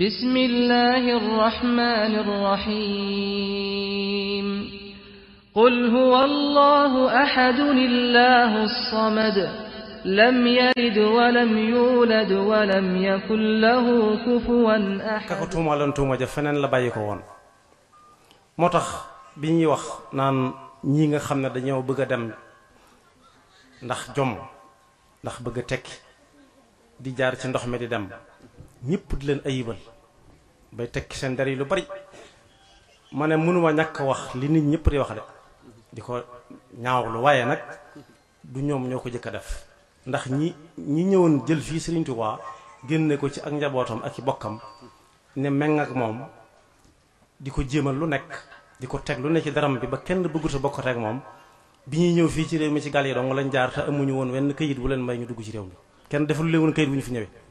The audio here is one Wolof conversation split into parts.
بسم الله الرحمن الرحيم قل هو الله أحد الله الصمد لم يلد ولم يولد ولم يكن له كفوا أحد kako tuumaaloon tuuma ja feneen la bàyyi ko woon moo tax bi ñuy wax naan ñi nga xam ne dañoo bëgg a dem ndax jom ndax bëgg a tekki di jaar ci ndox mi di dem ñépp di leen ayibal bay tekki seen der yi lu bari ma ne mënuma ñàkk wax li nit ñëpp di wax de di ko ñaawlu waaye nag du ñoom ñoo ko jëkk a def ndax ñi ñi ñëwoon jël fii Serigne Touba génne ko ci ak njabootam ak i bokkam ne meng ak moom di ko jéemal lu nekk di ko teg lu ne ci daram bi ba kenn bëggut a bokk rek moom bi ñuy ñëw fii ci réew mi ci gaal yi dong lañ jaar te amuñu woon wenn këyit wu leen may ñu dugg ci réew mi kenn deful leen woon këyit bu ñu fi ñëwee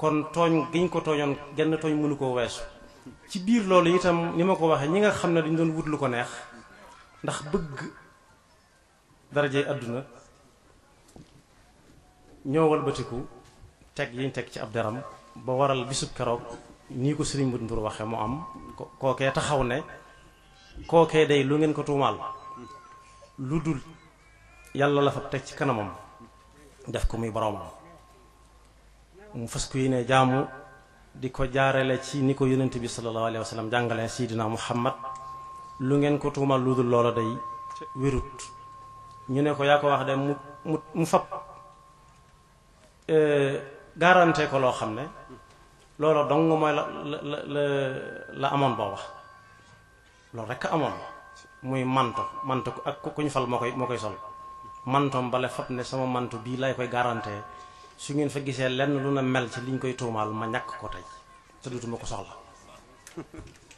kon tooñ giñ ko tooñoon genn tooñ mënu koo weesu ci biir loolu itam ni ma ko waxee ñi nga xam ne dañu doon wut lu ko neex ndax bëgg darajey àdduna ñoo walbatiku teg yiñ teg ci ab daram ba waral bisub keroog nii ko sëriñ Mbut Ndour waxe mu am kookee taxaw ne kookee day lu ngeen ko tuumaal lu dul yàlla la fa teg ci kanamam def ko muy boroomam mu fas ku yéene jaamu di ko jaarale ci ni ko yonent bi sallallahu alayhi wa sallam jàngale Seydina Muhammad lu ngeen ko tuumal lu dul loola day wérut ñu ne ko yaa ko wax de mu mu mu fab e, garante ko loo xam ne loola dong mooy la la la la amoon boo wax loolu rekk amoon muy manto manto ak ku ñu fal moo koy moo koy sol mantom bale fab ne sama manto bii lay koy garante su ngeen fa gisee lenn lu na mel ci ñu koy tuumaal ma ñàkk ko tey te dutuma ko soxla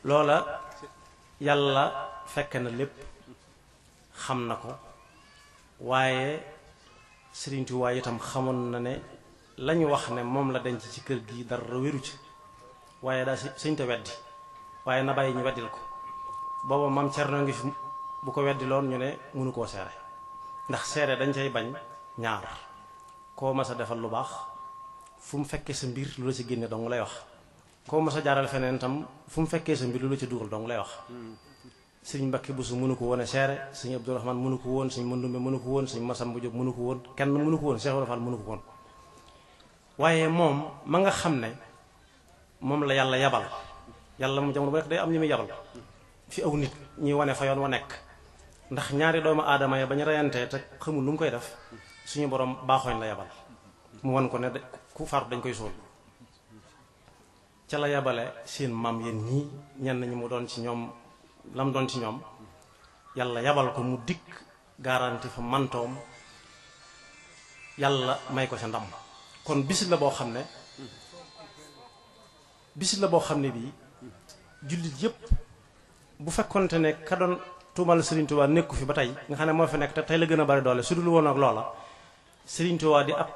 loola yàlla fekk na lépp xam na ko waaye sëriñtuwaay itam xamoon na ne lañu wax ne moom la denc ci kër gi dara wéru ci waaye daa sëñ te weddi waaye na bàyyi ñu weddil ko booba maam Cerno ngi fi bu ko weddi loon ñu ne mënu koo seere ndax seere dañ cay bañ ñaar koo mas a defal lu baax fu mu fekkee sa mbir lu la ci génne dong lay wax koo mas a jaaral feneen tam fu mu fekkee sa mbir lu la ci dugal dong lay wax sëñ Mbàkke Busu mënu ko woon a seere sëñ Abdourahman mënu ko woon sëñ Mandumbe mënu ko woon sëñ Masamba Jóob mënu ko woon kenn mënu ko woon Cheikh Ibra Fall mënu ko woon waaye moom ma nga xam ne moom la yàlla yabal yàlla moom jamono bu nekk day am ñu muy yabal fi aw nit ñuy wane fa yoon wa nekk ndax ñaari doomu aadama ya suñu borom baaxooñ la yabal mu wan ko ne ku faatu dañ koy suul ca la yabale seen maam yéen ñii ñenn ñi mu doon ci ñoom lam doon ci ñoom yàlla yabal ko mu dikk garanti fa mantoom yàlla may ko sa ndam kon bisit la boo xam ne bisit la boo xam ne bii jullit yépp bu fekkonte ne ka doon tuumal Serigne Touba nekku fi ba tey nga xam ne moo fi nekk te tey la gën a bari doole su dul woon ak loola Serigne Touba di ab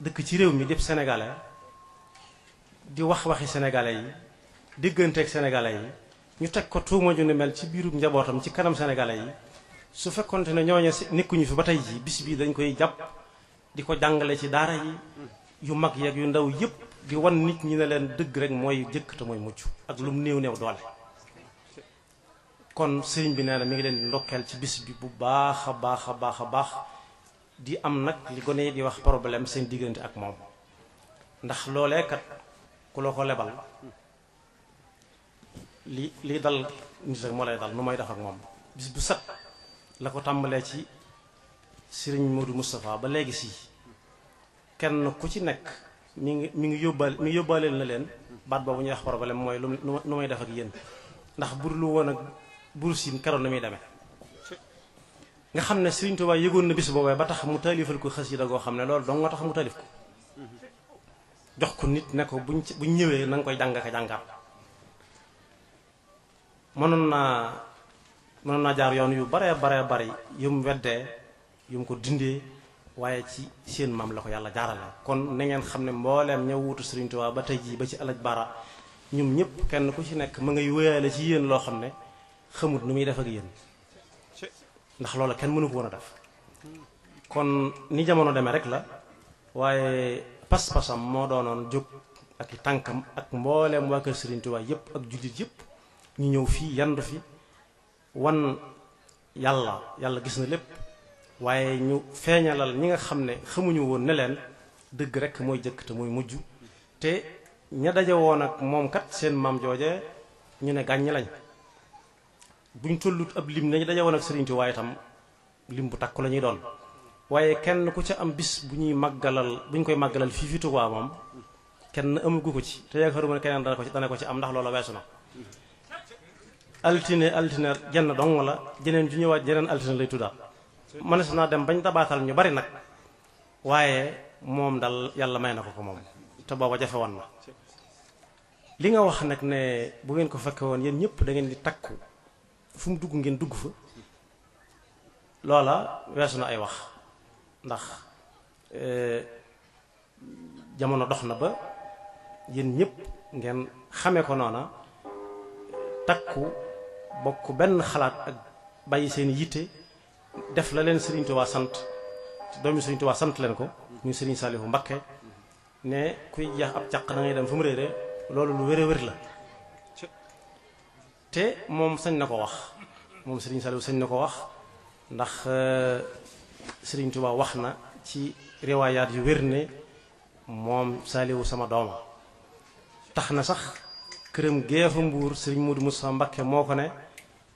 dëkk ci réew mi def sénégalais di wax waxi sénégalais yi diggante digganteeg sénégalais yi ñu teg ko tuuma ju ni mel ci biirum njabootam ci kanam sénégalais yi su fekkonte ne ñooñu nekkuñu fi ba tey ji bis bii dañ koy jàpp di ko jàngale ci daara yi yu mag yeeg yu ndaw yëpp di wan nit ñi ne leen dëgg rek mooy jëkk mooy mucc ak lu néew néew doole. kon sëriñ bi nee na mi ngi leen di ndokkeel ci bis bi bu baax a baax a baax a baax di am nag li gone yi di wax problème seen diggante ak moom ndax looleekat kat ku la ko lebal li li dal nit rek moo lay dal nu may def ak moom bis bu set la ko tàmbalee ci sëriñ Modou Moustapha ba léegi si kenn ku ci nekk mi ngi mi ngi yóbbaale mi yóbbaaleel na leen baat boobu ñuy wax problème mooy lu nu may def ak yéen ndax bur lu woon ak bur siin keroon na muy demee nga xam ne Serigne Touba yëgoon na bis boobee ba tax mu taalifal ko xasida goo xam ne loolu dong nga tax mu taalif ko jox ko nit ne ko buñ buñ ñëwee nanga koy jàng ka jàngaat mënoon naa mënoon naa jaar yoon yu baree baree bari yu mu weddee yu mu ko dindee waaye ci seen maam la ko yàlla jaarale kon na ngeen xam ne mbooleem ñëw wutu Serigne Touba ba tey jii ba ci alaj bara ñoom ñëpp kenn ku ci nekk ma ngay wéyaale ci yéen loo xam ne xamut nu muy def ak yéen ndax loola kenn mënu ko woon a def kon ni jamono demee rek la waaye pas-pasam moo doonoon jóg ak i tànkam ak mbooleem waa kër Serigne Touba yëpp ak jullit yépp ñu ñëw fii yandu fi wan yàlla yàlla gis na lépp waaye ñu feeñalal ñi nga xam ne xamuñu woon ne dëgg rek mooy jëkk te mooy mujj te ña daje woon ak moom kat seen maam jooje ñu ne gàññ lañ buñ tollut ab lim nañu daje woon ak Sëriñ Tuubaa itam lim bu takku la ñuy doon waaye kenn ku ca am bis bu ñuy màggalal bu ñu koy màggalal fii fi Tuubaa moom kenn amagu ko ci te yaakaaruma ne keneen dana ko ci dana ko ci am ndax loola weesu na altine altine jenn dong la jeneen ju ñëwaat jeneen altine lay tuddaa mënees naa dem bañ dabaatal ñu bari nag waaye moom dal yàlla may na ko ko moom te booba jafe woon na li nga wax nag ne bu ngeen ko fekke woon yéen ñëpp da ngeen di takku fu dugg ngeen dugg fa loola weesu na ay wax ndax euh, jamono dox na ba yéen ñépp ngeen xamee ko noona takku bokk benn xalaat ak bàyyi seen yitte def la leen Serigne Touba sant doomi Serigne Touba sant leen ko ñu Serigne bu Mbacké ne kuy jeex ab caq da ngay dem fa mu réere loolu lu wér a wér la te moom sañ na ko wax moom Serigne Saliou sañ na ko wax ndax euh, sëriñ Touba wax na ci riwaayaat yu wér ne moom Saliou sama dooma tax na sax këram geefa mbuur Serigne Modou Moussa Mbakke moo ko ne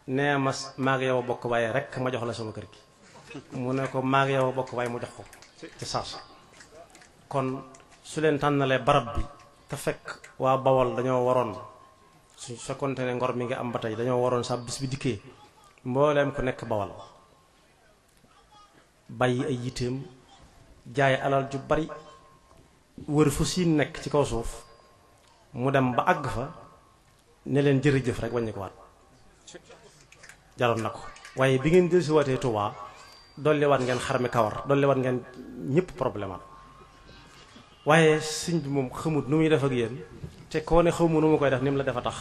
nee ma maag yow bokk waaye rek ma jox la sama kër gi mu ne ko maag yow bokk waaye mu jox ko ci saas kon su leen tànnalee barab bi te fekk waa Bawol dañoo waroon su fekkonte ne ngor mi ngi am ba tey dañoo waroon sa bis bi dikkee mbooleem ku nekk bawal bàyyi ay yiteem jaay alal ju bari wër fu si nekk ci kaw suuf mu dem ba àgg fa ne leen jërëjëf rek wàññi ko waat jaroon na ko waaye bi ngeen jël si waatee Tuubaa dolliwaat ngeen xarmi kawar dolliwaat ngeen ñëpp problème waaye sëñ bi moom xamut nu muy def ak yéen te koo ne xaw ma koy def ni mu la defa tax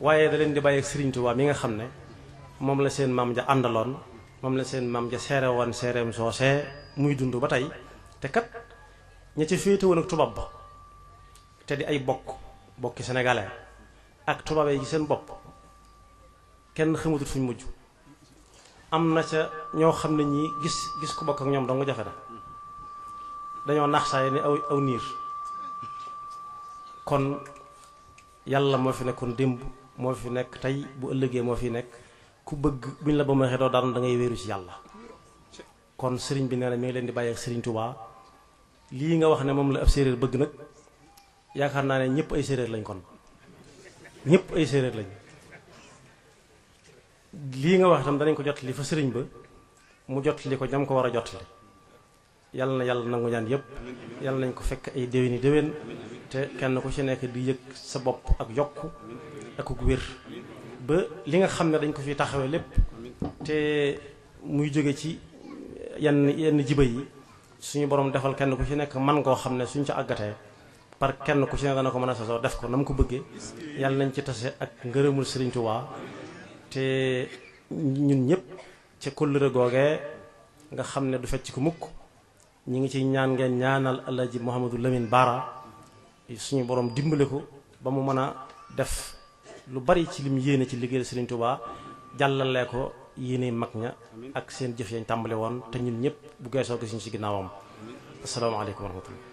waaye da leen di bàyyi ak Sëriñ Tuubaa mi nga xam ne moom la seen maam ja àndaloon moom la seen maam ja seere woon seereem soosee muy dund ba tey te kat ña ci féete woon ak tubaab ba te di ay bokk bokki sénégalais ak tubaab yi seen bopp kenn xamatul fuñ mujj am na ca ñoo xam ne ñi gis gis ko bokk ak ñoom dong jafe na dañoo nax saa yi aw aw niir kon yàlla moo fi nekkoon démb moo fi nekk tey bu ëllëgee moo fi nekk ku bëgg buñ la ba ma xetoo daan da wéeru ci yàlla kon sëriñ bi nee na mi ngi leen di bàyyi ak sëriñ Touba lii nga wax ne moom la ab séeréer bëgg nag yaakaar naa ne ñëpp ay séeréer lañ kon ñëpp ay séeréer lañ lii nga wax itam danañ ko jot li fa sëriñ ba mu jot li ko ñam ko war a jot yàlla na yàlla nangu ñaan yëpp yàlla nañ ko fekk ay déwéni déwén te kenn ku ci nekk di yëg sa bopp ak yokk ak ug wér ba li nga xam ne dañ ko fi taxawee lépp te muy jóge ci yenn yenn jiba yi suñu borom defal kenn ku ci nekk man koo xam ne suñ ca àggatee par kenn ku ci ne dana ko mën a sasoo def ko na ko bëggee yàlla nañ ci tase ak ngërëmul Sëriñ Tuubaa te ñun ñëpp ca kóllëre googee nga xam ne du fecc ko mukk ñu ngi ci ñaan ngeen ñaanal Alaaji Mouhamadou Lamine Baara suñu boroom dimbale ko ba mu mën a def lu bari ci lim yéene ci liggéeyal Serigne Touba jàllale ko yéene mag ña ak seen jëf yañ tàmbali woon te ñun ñëpp bu soo gis ñu ci ginnaawam asalaamaaleykum wa rahmatullah